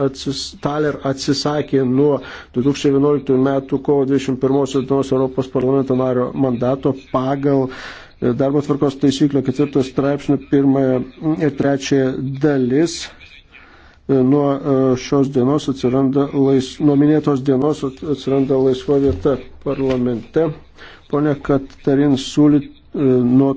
Atsis, Taler atsisakė nuo 2011 metų kovo 21 dienos Europos parlamento nario mandato pagal e, darbo tvarkos taisyklių 4 straipsnių 1 ir 3 dalis. E, nuo e, šios dienos atsiranda lais, nuo minėtos dienos atsiranda laisva vieta parlamente. Pone Katarin, siūlyt E, nuo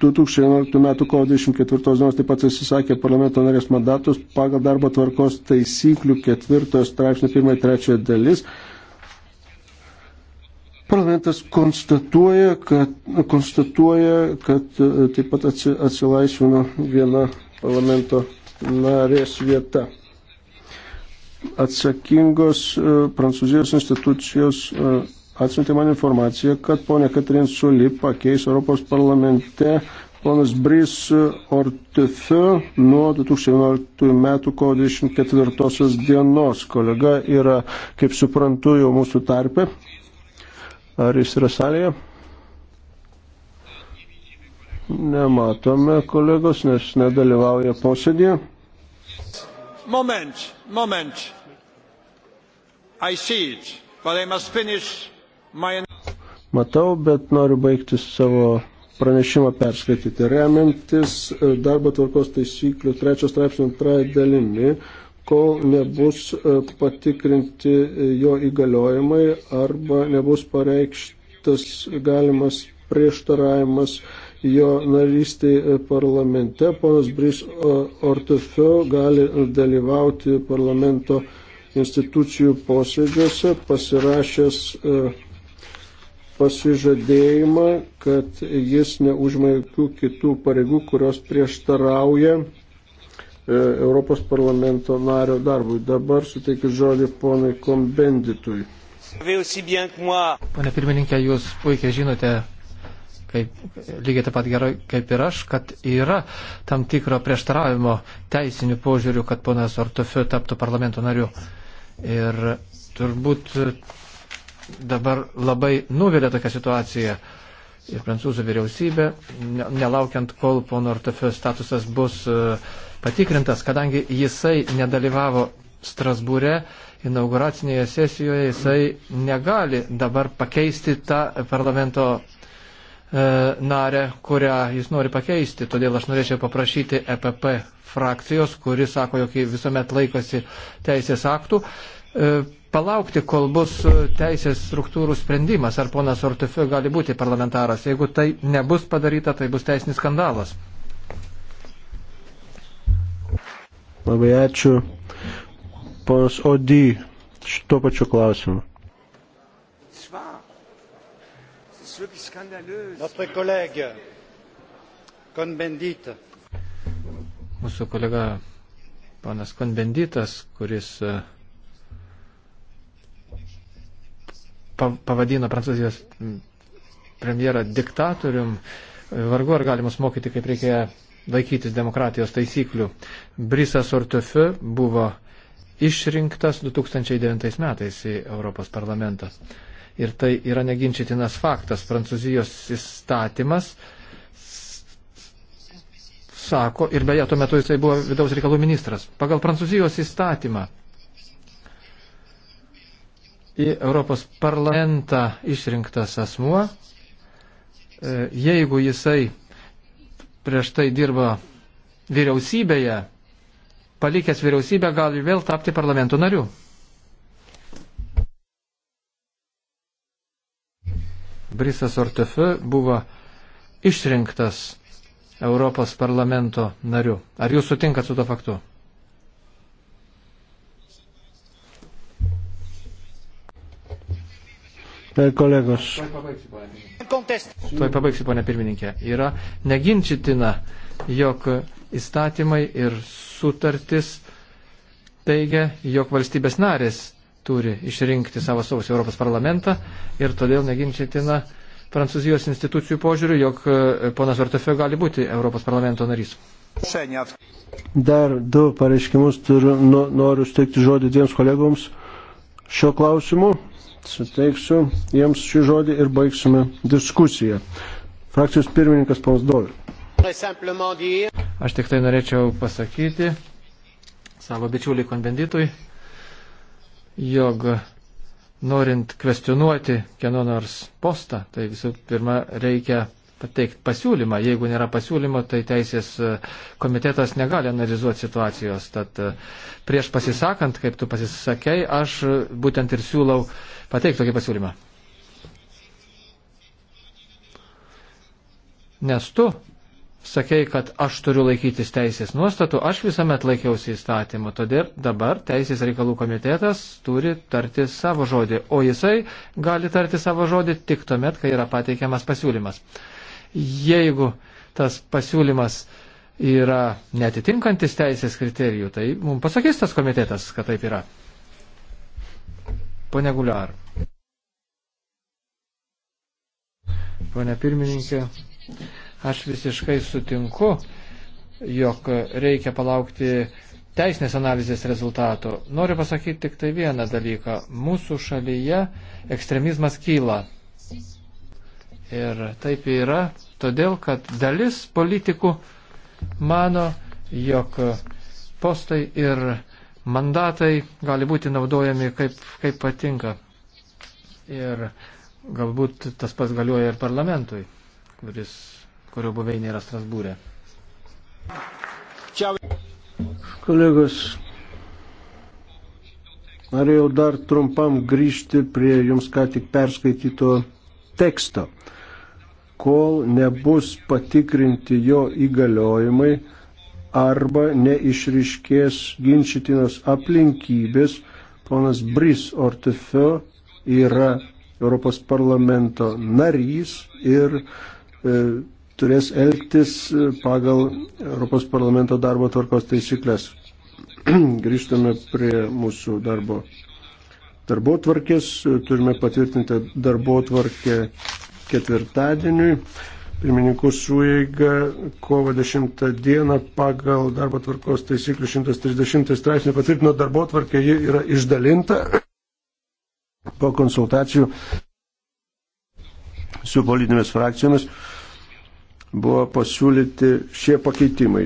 2011 metų kovo 24 dienos taip pat atsisakė parlamento narės mandatus pagal darbo tvarkos taisyklių ketvirtojo straipsnio 1-3 dalis. Parlamentas konstatuoja, kad, konstatuoja, kad e, taip pat atsilaisvino viena parlamento narės vieta. Atsakingos e, prancūzijos institucijos atsiuntė man informaciją, kad ponė Katrin Suli pakeis Europos parlamente ponas Brys Ortefe nuo 2011 metų kovo 24 dienos. Kolega yra, kaip suprantu, jau mūsų tarpe. Ar jis yra salėje? Nematome kolegos, nes nedalyvauja posėdėje. Moment, moment. I see it, but I must finish Matau, bet noriu baigti savo pranešimą perskaityti. Remiantis e, darbo tvarkos taisyklių trečios straipsnio antrąją dalimi, kol nebus e, patikrinti e, jo įgaliojimai arba nebus pareikštas galimas prieštaravimas jo narystiai parlamente, ponas Brys Ortefeu gali dalyvauti parlamento institucijų posėdžiuose, pasirašęs uh, pasižadėjimą, kad jis neužima jokių kitų pareigų, kurios prieštarauja e, Europos parlamento nario darbui. Dabar suteikiu žodį ponai kombenditui. Pane pirmininkė, jūs puikiai žinote, kaip, lygiai taip pat gerai kaip ir aš, kad yra tam tikro prieštaravimo teisinių požiūrių, kad ponas Ortofiu taptų parlamento nariu. Ir turbūt dabar labai nuvilia tokia situacija ir prancūzų vyriausybė, nelaukiant, kol pono Artefio statusas bus e, patikrintas, kadangi jisai nedalyvavo Strasbūre inauguracinėje sesijoje, jisai negali dabar pakeisti tą parlamento e, narę, kurią jis nori pakeisti. Todėl aš norėčiau paprašyti EPP frakcijos, kuri sako, jog visuomet laikosi teisės aktų, e, palaukti, kol bus e, teisės struktūrų sprendimas, ar ponas Ortufiu gali būti parlamentaras. Jeigu tai nebus padaryta, tai bus teisinis skandalas. Labai ačiū. Ponas Odi, šito pačiu klausimu. Notre collègue Cohn-Bendit. Mūsų kolega panas Konbenditas, kuris uh, pavadino Prancūzijos premjerą diktatorium, vargu ar galima mokyti, kaip reikia laikytis demokratijos taisyklių. Brisas Ortefe buvo išrinktas 2009 metais į Europos parlamentą. Ir tai yra neginčytinas faktas. Prancūzijos įstatymas sako, ir beje, tuo metu jisai buvo vidaus reikalų ministras. Pagal Prancūzijos įstatymą į Europos parlamentą išrinktas asmuo, e, jeigu jisai prieš tai dirbo vyriausybėje, palikęs vyriausybę gali vėl tapti parlamento nariu. Brisas Ortefe buvo išrinktas Europos parlamento nariu. Ar jūs sutinkat su to faktu? Tai kolegos. Tuoj pabaigsiu, ponė pirmininkė. Yra neginčitina, jog įstatymai ir sutartis teigia, jog valstybės narės turi išrinkti savo sausį Europos parlamentą ir todėl neginčitina Prancūzijos institucijų požiūrių, jog e, ponas Vertofio gali būti Europos parlamento narys. Dar du pareiškimus turiu, noriu steikti žodį dviems kolegoms šio klausimu suteiksiu jiems šį žodį ir baigsime diskusiją. Frakcijos pirmininkas Pausdovi. Aš tik tai norėčiau pasakyti savo bičiuliai konvenditui, jog norint kvestionuoti kieno nors postą, tai visų pirma reikia pateikti pasiūlymą. Jeigu nėra pasiūlymo, tai teisės e, komitetas negali analizuoti situacijos. Tad e, prieš pasisakant, kaip tu pasisakei, aš e, būtent ir siūlau pateikti tokį pasiūlymą. Nes tu sakei, kad aš turiu laikytis teisės nuostatų, aš visuomet laikiausi įstatymo, todėl dabar Teisės reikalų komitetas turi tarti savo žodį, o jisai gali tarti savo žodį tik tuomet, kai yra pateikiamas pasiūlymas. Jeigu tas pasiūlymas yra netitinkantis teisės kriterijų, tai mums pasakys tas komitetas, kad taip yra. Pone Guliar. Pone pirmininkė, aš visiškai sutinku, jog reikia palaukti teisinės analizės rezultato. Noriu pasakyti tik tai vieną dalyką. Mūsų šalyje ekstremizmas kyla. Ir taip yra, todėl kad dalis politikų mano, jog postai ir mandatai gali būti naudojami kaip, kaip patinka. Ir galbūt tas pats galioja ir parlamentui, kuris, kurio buveinė yra Strasbūrė. Kolegos, norėjau dar trumpam grįžti prie jums ką tik perskaityto teksto kol nebus patikrinti jo įgaliojimai arba neišriškės ginčytinos aplinkybės, ponas Bris Ortefeu yra Europos parlamento narys ir e, turės elgtis e, pagal Europos parlamento darbo tvarkos taisyklės. Grįžtame prie mūsų darbo darbo tvarkės, turime patvirtinti darbo tvarkę ketvirtadieniui. Pirmininkų suėga kovo 10 dieną pagal darbo tvarkos taisyklių 130 straipsnį patvirtino darbo tvarkę, ji yra išdalinta po konsultacijų su politinėmis frakcijomis buvo pasiūlyti šie pakeitimai.